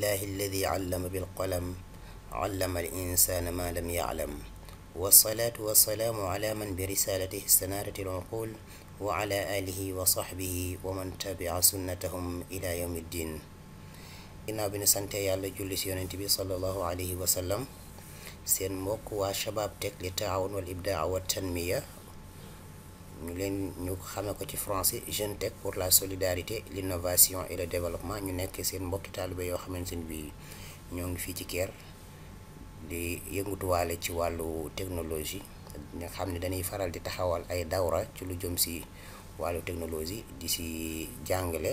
alhamdulillahi alladi allama bilqalam allama al insana ma lam yaalam wasalaatu wasalaamu ala man bi risalatihi istanarati alcuqul wa ala alihi wa saxbihi wa man tabia sunnatahum ila yawmi ddin ginnaaw bi nu sante yàlla julli si yonent bi salallahu alayhi wa sallam seen mbokk waa Shabab Tech li taawun wal ibdaa wa tanmiya ñu leen ñu xamee ko ci français Jeune Tech pour la solidarité l'innovation et le développement ñu nekk seen mbokki taalibe yoo xamante ni bii ñoo ngi fii ci Kër di yëngutuwaale ci wàllu technologie nga xam ne dañuy faral di taxawal ay dawra ci lu jëm si wàllu technologie di si jàngale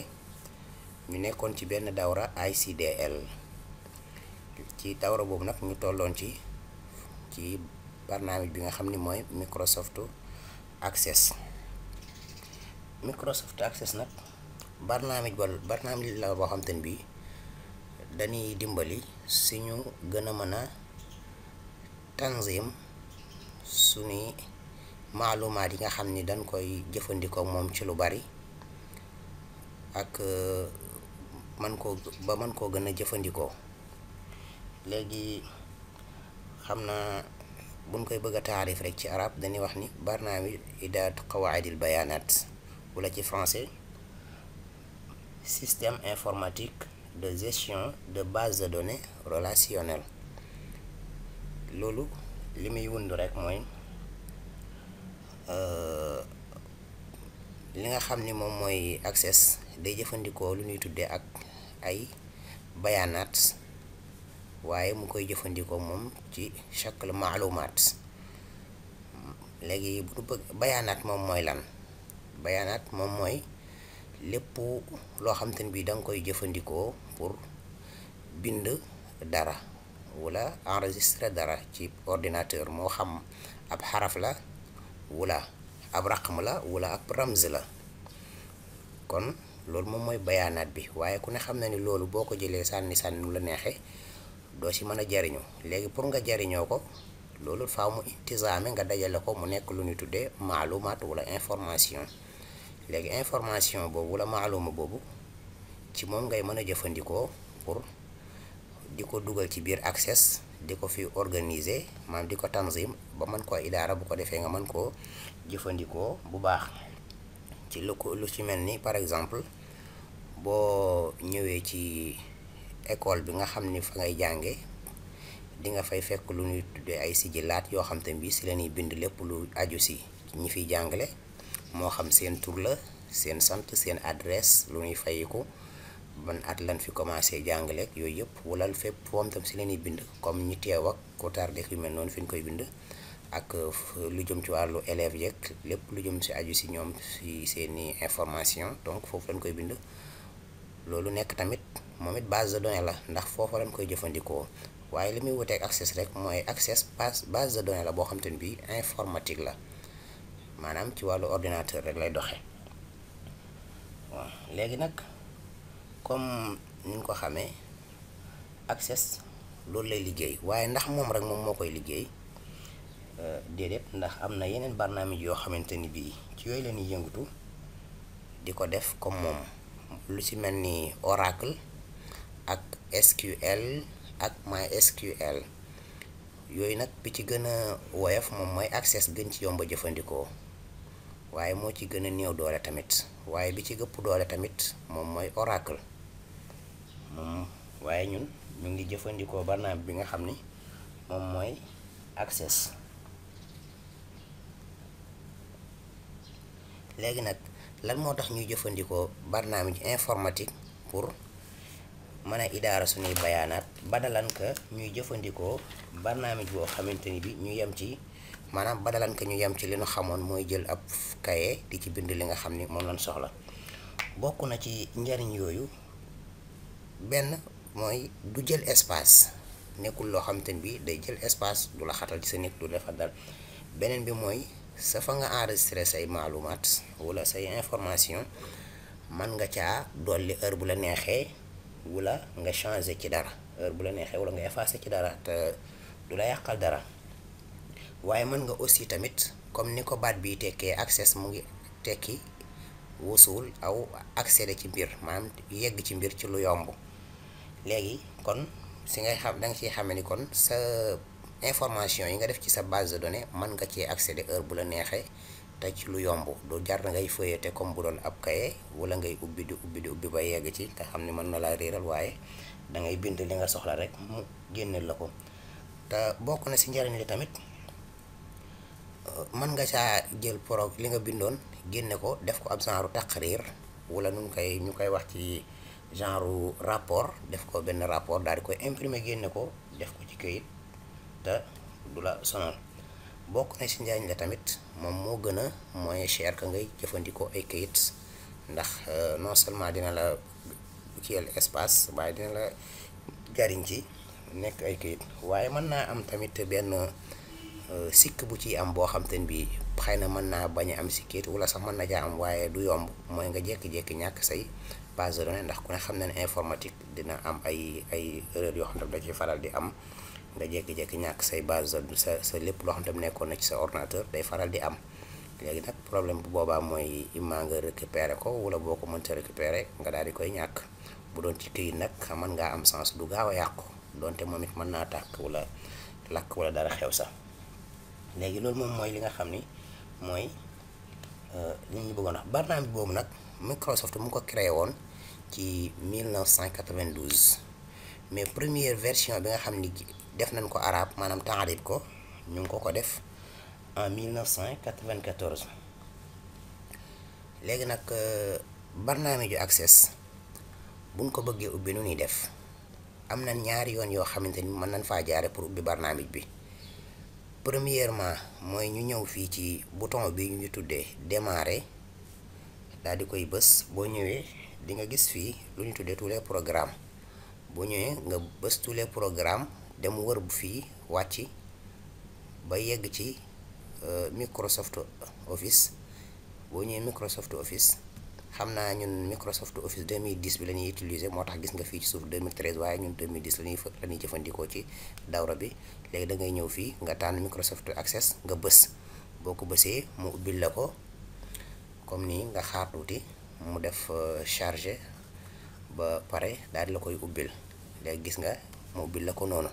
ñu nekkoon ci benn dawra ICDL ci dawra boobu nag ñu tolloon ci ci barnaamij bi nga xam ni mooy Microsoft access Microsoft access nag barnaamij ba barnaamij la boo xam ne bii dañuy dimbali suñu gën a mën a tanzim suñu maalumaat yi nga xam ni dañ koy jëfandikoo moom ci lu bari ak euh, man koo ba man koo gën a jëfandikoo léegi xam naa buñ koy bëgg a taarif rek ci arab dañuy wax ni barnaami idaat qawaidil bayaanaat walla ci français système informatique de gestion de base de données relationnelle loolu li muy wund rek mooy euh, li nga xam ni moom mooy access day jëfandikoo lu ñuy tuddee ak ay bayaanaat waaye mu koy jëfandikoo moom ci chaque maalumaat léegi bu bëgg bayaanaat moom mooy lan bayaanaat moom mooy lépp loo xam te ne bii da koy jëfandikoo pour bind dara wala enregistrer dara ci ordinateur moo xam ab xaraf la wala ab raqam la wala ab ramz la kon loolu moom mooy bayaanaat bi waaye ku ne xam na ni loolu boo ko jëlee sànni sànni nu la neexee doo si mën a jariñoo léegi pour nga jariñoo ko loolu faaw mu intisaame nga dajale ko mu nekk lu ñu tuddee maalumaat wala information léegi information boobu wala maaluma boobu ci moom ngay mën a jëfandikoo pour di ko dugal ci biir access di ko fi organiser maam di ko tanzim ba mën ko idaara bu ko defee nga mën koo jëfandikoo bu baax ci lu ko lu ci mel ni par exemple boo ñëwee ci école bi nga xam ni fa ngay jànge di nga fay fekk lu nuy tuddee ay sijilaat yoo xam te bii si leen ñuy bind lépp lu aju si ñi fiy jàngale moo xam seen tur la seen sant seen adresse lu ñuy fayiku ban at lan fi commencé jàngaleek ak yooyu yëpp wala fépp foom tam si leen ñuy bind comme ñi teew ak ku tardé mel noonu fi ñu koy bind ak lu jëm ci wàllu élèves yeeg lépp lu jëm si aju si ñoom si seeni information donc foofu lañ koy bind loolu nekk tamit moom it base de données la ndax foofa lañ koy jëfandikoo waaye li muy wuteeg access rek mooy access base de données la boo xam te ne bii informatique la maanaam ci wàllu ordinateur rek lay doxee waaw léegi nag comme ni ñu ko xamee access loolu lay liggéey waaye ndax moom rek moom moo koy liggéey euh, déedéet ndax am na yeneen barnaamij yoo xamante ni bii ci yooyu la ñuy yëngatu di ko def comme moom. lu ci mel ni Oracle ak SQL ak MySQL yooyu nag bi ci gën a woyof moom mooy Access gën ci yomb jëfandikoo waaye moo ci gën a néew doole tamit waaye bi ci gëpp doole tamit moom mooy Oracle moom waaye ñun ñu ngi jëfandikoo barnaam bi nga xam ni moom mooy Access léegi nag lan moo tax ñuy jëfandikoo barnaamij informatique pour mën a idaara suñuy bayaanaat badalan ñuy jëfandikoo barnaamij boo xamante ni bi ñu yem ci maanaam badalan ñu yem ci li ñu xamoon mooy jël ab kaye di ci bind li nga xam ni moom lan soxla bokk na ci njariñ yooyu benn mooy du jël espace nekkul loo xamante ni bi day jël espace du la xatal ci sa nit du defal dal beneen bi mooy sa fa nga enregistré say maalumaat wala say information man nga caa dolli heure bu la neexee wala nga changé ci dara heure bu la neexee wala nga effacé ci dara te du la yàqal dara waaye mën nga aussi tamit comme ni ko baat bi tekkee access mu ngi tekki wusul aw accéder ci mbir maanaam yegg ci mbir ci lu yomb léegi kon si ngay xam da nga xame ni kon sa information yi nga def ci sa base de données mën nga cee accéder heure bu la neexee te ci lu yomb du jar na ngay te comme bu doon ab kaye wala ngay ubbi di ubbi di ubbi ba yegg ci nga xam ne mën na laa réeral waaye da bind li nga soxla rek mu génne la ko te bokk na si njariñ li tamit mën nga caa jël pro li nga bindoon génne ko def ko ab genre taqrir wala nu koy ñu koy wax ci genre rapport def ko benn rapport daal di koy imprimer génne ko def ko ci këyit. te du la sonal bokk na ci njaañ la tamit moom moo gën a moins cher que ngay jëfandikoo ay kayit ndax euh, non seulement dina la kiyal espace waaye dina la jariñ ci nekk ay kayit waaye mën naa am tamit benn euh, sikk bu ci am boo xam te ne bii xëy na mën naa bañ am si kayit wala sax mën na jaa am waaye du yomb mooy nga jékki-jékki ñàkk say base de ndax ku ne xam na ne informatique dina am ay ay erreur yoo xam ne da faral di am. nga jékki-jékki ñàkk say base sa sa lépp loo xam ne nekkoon na ci sa ordinateur day faral di am léegi nag problème bu boobaa mooy maa nga ko wala boo ko mënta récupéré nga daal di koy ñàkk bu doon ci këyit nag mën ngaa am sens du gaaw a yàqu doonte moom mën naa tàkk wala lakk wala dara xew sax léegi loolu moom mooy li nga xam ni mooy euh, li ñu bëggoon wax barnaamij boobu nag Microsoft mu ko créé woon ci 1992 mais première version bi nga xam ni. def nañ ko arab maanaam taarib ko ñu ngi ko ko def en 1994 léegi nag euh, barnaamiju access buñ ko bëggee ubbi nu ñuy def am na ñaari yoon yoo xamante ni mën nañ faa jaare pour ubbi barnaamij bi premièrement mooy ñu ñëw fii ci bouton bi ñu tuddee démarrer daal di koy bës boo ñëwee di nga gis fii lu ñu tuddee tous programme boo ñëwee nga bës tous les programmes dem wër bu fii wàcc ba yegg ci euh, Microsoft Office boo ñëwee Microsoft Office xam naa ñun Microsoft Office 2010 bi la ñuy utiliser moo tax gis nga fii ci suuf 2013 waaye ñun 2010 la ñuy fa la ñuy jëfandikoo ci dawra bi léegi da ngay ñëw fii nga tànn Microsoft Access nga bës boo ko bësee mu ubbil la ko comme nii nga xaar tuuti mu def euh, chargé ba pare daal la koy ubbil léegi gis nga. mu la ko noonu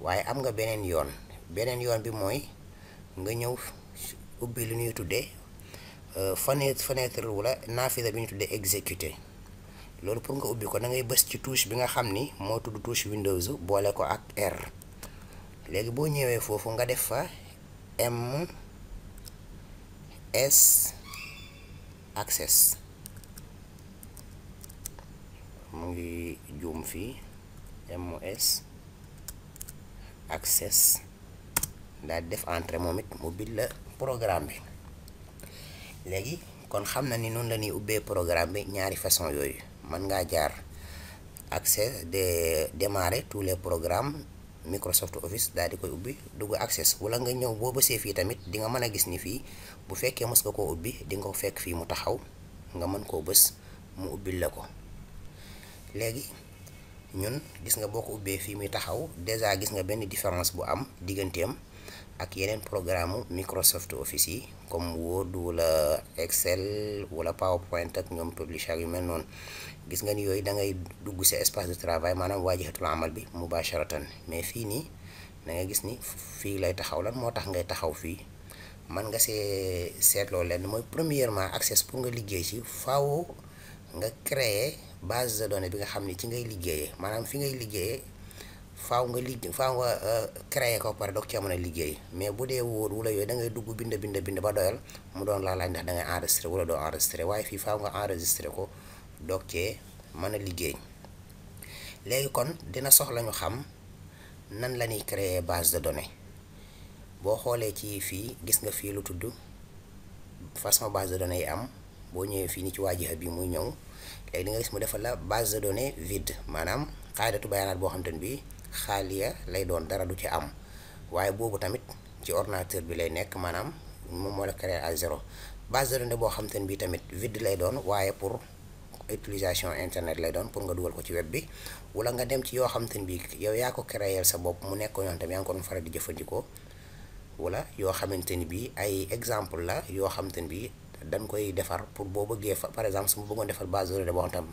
waaye am nga beneen yoon beneen yoon bi mooy nga ñëw ubbi lu ñuy tuddee euh, fenêtre fenêtre wala naafila bi ñu tuddee exécuter loolu pour nga ubbi ko da ngay bës ci touche bi nga xam ni moo tudd touche Windows boole ko ak R léegi boo ñëwee foofu nga def fa M S access mu ngi juum fii. MOS access daal def entrée moom it mu bind la programme bi léegi kon xam na ni noonu la ñuy ubbee programme bi ñaari façon yooyu mën ngaa jaar access de démarrer tous les programmes Microsoft Office daal di koy ubbi dugg access wala nga ñëw boo bësee fii tamit di nga mën a gis ni fii bu fekkee mës nga koo ubbi di nga ko fekk fii mu taxaw nga mën koo bës mu ubbil la ko léegi. ñun gis nga boo ko ubbee fii muy taxaw déjà gis nga benn différence bu am digganteem ak yeneen programme Microsoft Office yi comme Word wala Excel wala PowerPoint ak ñoom Publisher yu mel noonu gis nga ni yooyu da ngay dugg si espace de travail maanaam waajihatul amal bi mubasharatan mais fii nii da nga gis ni fii lay taxaw lan moo tax ngay taxaw fii man nga see seetloo leen mooy premièrement accès pour nga liggéey si faaw nga créer. base de données bi nga xam ni ci ngay liggéeye maanaam fi ngay liggéeyee faaw nga li faaw nga euh, créer ko pare doog cee mën a liggéey mais bu dee wóor wula yooyu da ngay dugg bind bind bind ba doyal mu doon laa laaj ndax da ngay enregistré la doo enregistré waaye fii faaw nga enregistré ko doog cee mën a liggéey léegi kon dina soxla ñu xam nan la créer base de données boo xoolee ci fii gis nga fii lu tudd façon base de données yi am boo ñëwee fii ni ci waajixa bi muy ñëw léegi di nga gis mu defal la base de données vide maanaam xaadatu bayaanaat boo xam te ne bii xaaliya lay doon dara du ci am waaye boobu tamit ci ordinateur bi lay nekk maanaam moom moo la créé à zéro base de données boo xam te ne bii tamit vide lay doon waaye pour utilisation internet lay doon pour nga dugal ko ci web bi wala nga dem ci yoo xam te bii yow yaa ko créé sa bopp mu nekk ñoom tamit yaa ngi ko doon faral di jëfandikoo wala yoo xamante ni bii ay exemple la yoo xamante ni bii dañ koy defar pour boo bëggee fa par exemple su ma bëggoon defar base de données boo xam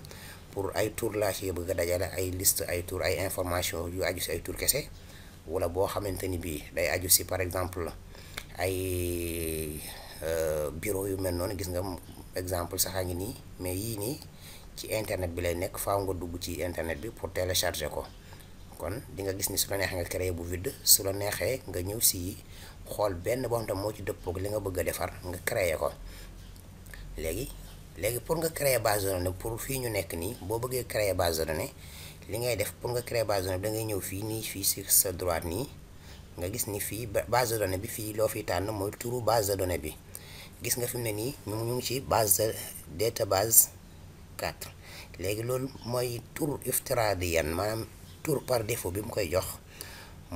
pour ay tour laa ci bëgg a dajale ay liste ay tour ay information yu aju si ay tour kese wala boo xamante ni bii day aju si par exemple ay euh, bureau yu mel noonu gis nga exemple sax a ngi nii mais yii nii ci internet bi lay nekk faw nga dugg ci internet bi pour télécharger ko kon di nga gis ni su la neexee nga créer bu vide su la neexee nga ñëw si xool benn boo moo ci dëppoog li nga bëgg a defar nga créer ko léegi léegi pour nga créer base de données pour fii ñu nekk nii boo bëggee créer base de données li ngay def pour nga créer base de données da ngay ñëw fii nii fii si sa droite nii nga gis ni fii base de données bi fii loo fi tànn mooy turu base de bi gis nga fi mu ne nii ñu ñu ngi ci base de base 4 léegi loolu mooy tour tur iftiradiyan maanaam tour par défaut bi mu koy jox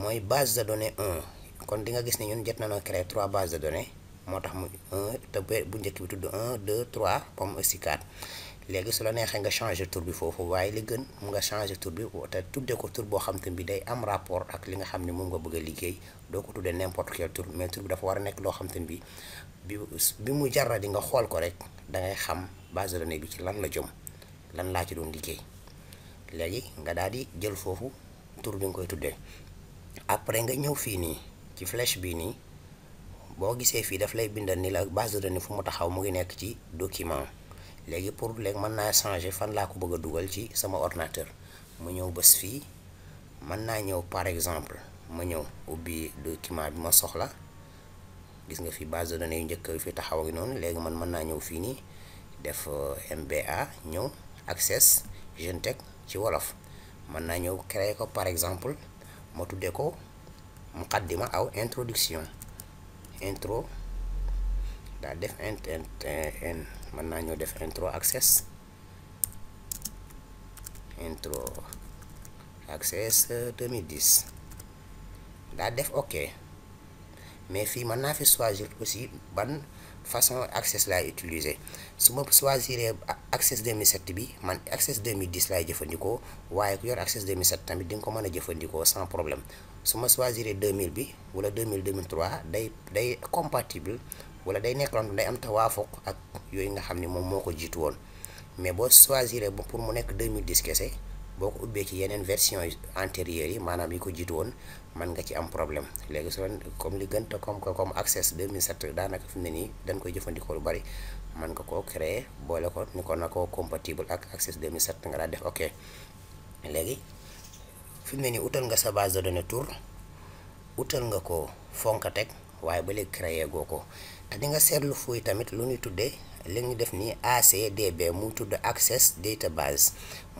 mooy base de données 1 kon di nga gis ne ñun jot nañoo créer trois bases de données moo tax mu 1 te bu njëkk bi tudd 1 2 3 comme aussi 4 léegi su la neexee nga changer tour bi foofu waaye li gën mu nga changer tour bi te tuddee ko tur boo xam te bi day am rapport ak li nga xam ne moom nga bëgg a liggéey doo ko tuddee n'importe quel tur mais bi dafa war a nekk loo xam te bi bi bi mu jarra di nga xool ko rek da ngay xam base de données bi ci lan la jom lan laa ci doon liggéey léegi nga daal di jël foofu tour bi nga koy tuddee après nga ñëw fii nii ci flèche bii nii boo gisee fii daf lay bindal ni la base de données fu mu taxaw mu ngi nekk ci document léegi pour léegi mën naa changer fan laa ko bëgg a dugal ci sama ordinateur mu ñëw bés fii mën naa ñëw par exemple ma ñëw ubbi document bi ma soxla gis nga fi base de données yu njëkk fi taxaw ak noonu léegi man mën naa ñëw fii nii def euh, MBA ñëw access Genetech ci wolof mën naa ñëw créer ko par exemple ma tuddee ko muqaddima aw introduction intro daal def int int mën naa ñoo def intro access intro access 2010 daal def ok mais fii man naa fi choisir aussi ban façon access laay utiliser su ma choisir access 2007 bi man access 2010 laay jëfandikoo waaye ku yor access 2007 tamit di nga ko mën a jëfandikoo sans problème su ma choisiree deux mille bi wala 2000 2003 day day compatible wala day nekk loo xam day am tawaafoq ak yooyu nga xam ni moom moo ko jiitu woon mais boo choisir pour mu nekk 2010 kese boo ko ubbee ci yeneen version antérieures yi maanaam yi ko jiitu woon mën nga ci am problème léegi su comme li gën te comme comme access 2007 daanaka fi mu ne nii dañ koy jëfandikoo lu bari mën nga koo créer boole ko ni ko na koo compatible ak access 2007 nga daal def ok léegi. fi mu ne nii utal nga sa base de données tour wutal nga ko fonkateg waaye ba léegi créé goo ko te di nga seetlu fuy tamit lu ñuy tuddee li ñu def nii ACDB mu tudd access database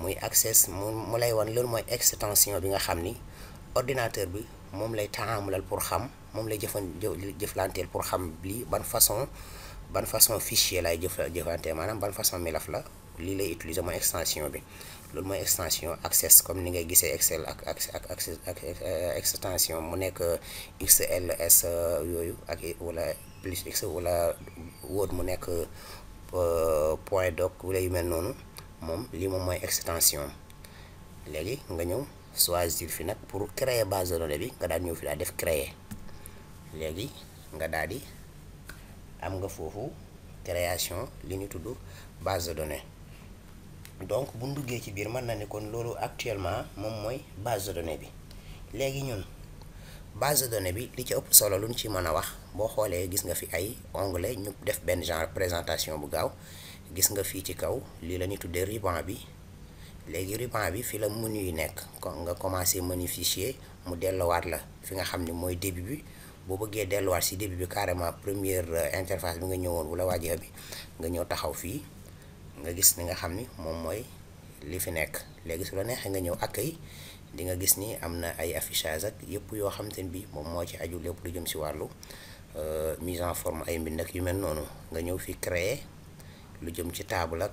muy access mu mu lay wan loolu mooy extension bi nga xam ni ordinateur bi moom lay taamulal pour xam moom lay jëfan jëflanteel pour xam lii ban façon ban façon fichier lay jëf jëfante maanaam ban façon milaf la lii lay utiliser mooy extension bi loolu mooy extension access comme ni ngay gisee excel ak ak ak extension mu nekk xls euh, yooyu ak wala plus x wala word mu nekk euh, point doc wala yu mel noonu moom lii moom mooy extension léegi nga ñëw choisir fi nag pour créer base de bi nga daal ñëw fi daal def créer léegi nga daal di am nga foofu création li ñu tudd base de données donc bu ñu duggee ci biir mën na ni kon loolu actuellement moom mooy base de données bi léegi ñun base de données bi li ci ëpp solo lu ñu ci mën a wax boo xoolee gis nga fi ay onglet ñu def benn genre présentation bu gaaw gis nga fii ci kaw lii la ñuy tuddee ruban bi léegi ruban bi fi la menu yi nekk nga commencé menu mu dellowaat la fi nga xam ni mooy début bi. boo bëggee delluwaat si début bi carrément première euh, interface bi nga ñëwoon wala waajeex bi nga ñëw taxaw fii nga gis ni nga xam ni moom mooy li fi nekk léegi su la neexee nga ñëw accueil di nga gis ni am na ay affichage ak yëpp yoo xam ne bi moom moo ci aju lépp lu jëm si wàllu euh, mise en forme ay mbind yu mel noonu nga ñëw fi créer lu jëm ci table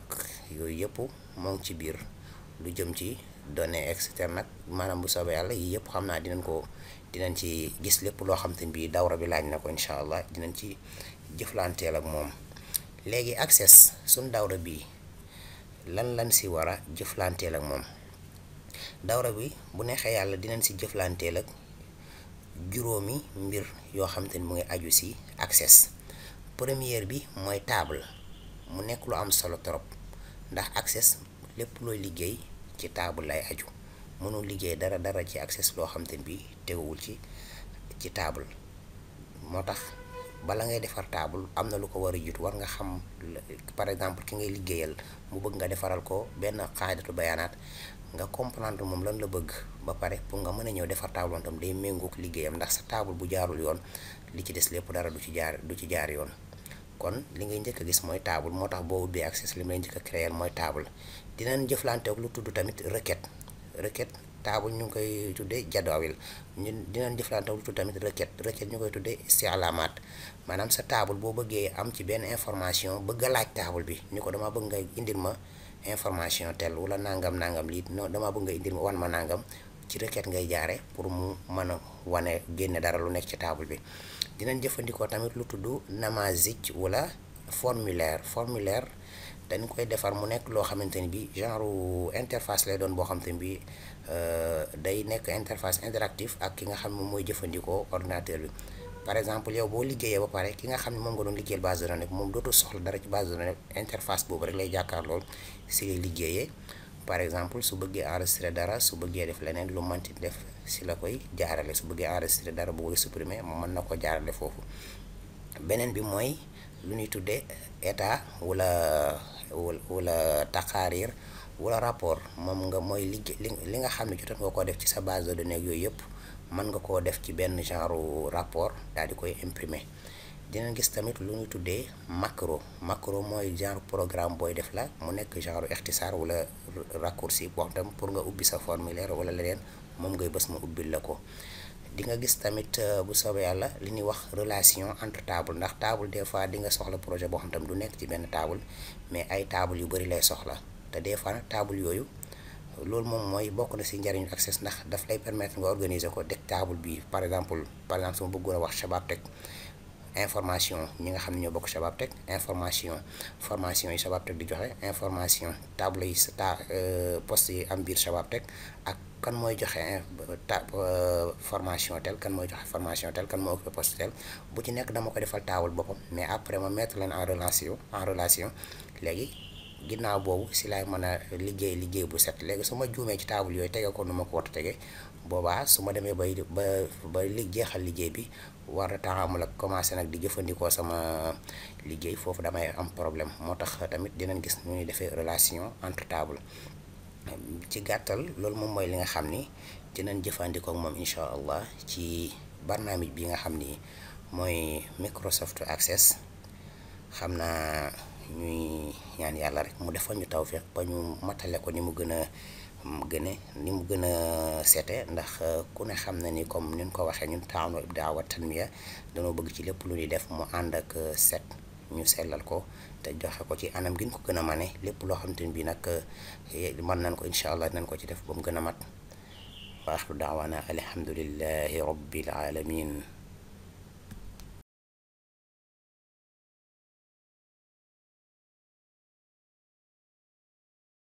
yooyu yëpp moo ci biir lu jëm ci données externe nag maanaam bu soobee yàlla yii yëpp xam naa dinañ ko dinañ ci gis lépp loo xam te bii dawra bi laaj na ko incha allah dinañ ci jëflanteel ak moom léegi access suñ dawra bii lan lañ si war a jëflanteel ak moom dawra bi bu neexee yàlla dinañ si jëflanteel ak juróomi mbir yoo xam te ne mu ngi aju si access première bi mooy table mu nekk lu am solo trop ndax access lépp looy liggéey ci table lay aju mënul liggéey dara dara ci access loo xam te ne bii teguwul ci ci table moo tax bala ngay defar table am na lu ko war a jiitu war nga xam par exemple ki ngay liggéeyal mu bëgg nga defaral ko benn xaadatu bayaanaat nga comprendre moom lan la bëgg ba pare pour nga mën a ñëw defar table tam day méngook liggéeyam ndax sa table bu jaarul yoon li ci des lépp dara du ci jaar du ci jaar yoon kon li ngay njëkk a gis mooy table moo tax boo ubbee access li may njëkk a créer mooy table dinañ jëflanteek lu tudd tamit requête requête taabul ñu ngi koy tuddee jadawil ñu dinañ jëflante wu tamit requête requête ñu koy tuddee istilaamaat maanaam sa table boo bëggee am ci benn information bëgg a laaj bi ñu ko dama bëgg nga indil ma information tel wala nangam nangam lii non dama bëgg nga indil ma wan ma nangam ci requête ngay jaare pour mu mën a wane génne dara lu nekk ci table bi dinañ jëfandikoo tamit lu tudd namazic wala formulaire formulaire dañ koy defar mu nekk loo xamante ni bi genre interface lay doon boo xamante ni bi euh, day nekk interface interactive ak ki nga xam ne mooy jëfandikoo ordinateur bi par exemple yow boo liggéeyee ba pare ki nga xam ne moom nga doon liggéeyal base de données moom dootul soxla dara ci base de données interface boobu rek si liggéeyee par exemple su bëggee enregistré dara su bëggee def leneen lu manti def si la koy jaarale su bëggee enregistré dara bu koy supprimer mën na ko jaarale foofu bi mooy lu nuy tuddee état wala wala taqaarir wala rapport moom nga mooy li li nga xam ne jotoon nga koo def ci sa base de données yooyu yëpp mën nga koo def ci benn genre rapport daal di koy imprimer dina gis tamit lu ñu tuddee macro macro mooy genre programme booy def la mu nekk genre ixtisaar wala raccourci boo xam pour nga ubbi sa formulaire wala leneen moom ngay bës ma ubbi la ko di nga gis tamit euh, bu soobee yàlla li ñuy wax relation entre table ndax table des fois di nga soxla projet boo xam tam du nekk ci benn table mais ay table yu bëri lay soxla te des fois nag table yooyu loolu moom mooy bokk na si njëriñu access ndax daf lay permettre nga organiser ko de table bi par exemple par exemple su ma bëggoon a wax Shabab Tech information ñi nga xam ne ñoo bokk Shabab teg information formation yi Shabab Tech di joxe information table yi sa euh, poste yi am biir Shabab kan mooy joxe euh, formation tel kan mooy joxe formation tel kan mooy occupé poste tel bu ci nekk dama ko defal taawul boppam mais après ma mettre leen en relation en relation léegi ginnaaw boobu si laay mën a liggéey liggéey bu set léegi su ma juumee ci taabul yooyu tege ko nu ma ko war a tege boobaa su ma demee bay ba ba li jeexal liggéey bi war a taxamul ak commencé nag di jëfandikoo sama liggéey foofu damay am problème moo tax tamit dinañ gis nu ñuy defee relation entre table ci gàttal loolu moom mooy li nga xam ni dinañ jëfandikoo ak moom incha allah ci barnaamij bi nga xam ni mooy Microsoft Access xam naa ñuy ñaan yàlla rek mu defal ñu taw tawféex ba ñu matale ko ni mu gën a gëne ni mu gën a seete ndax euh, ku ne xam na ni comme ni ko waxee ñun taawno ibdaa wa tanmiya dañoo bëgg ci lépp lu ñuy def mu ànd ak euh, set ñu sellal ko te joxe ko ci anam gi ko gën a mane lépp loo xamante ni bii nag eh, mën nañ ko incha allah nañ ko ci def ba mu gën a mat wa axlu daawaana alhamdulillahi rabbil alamin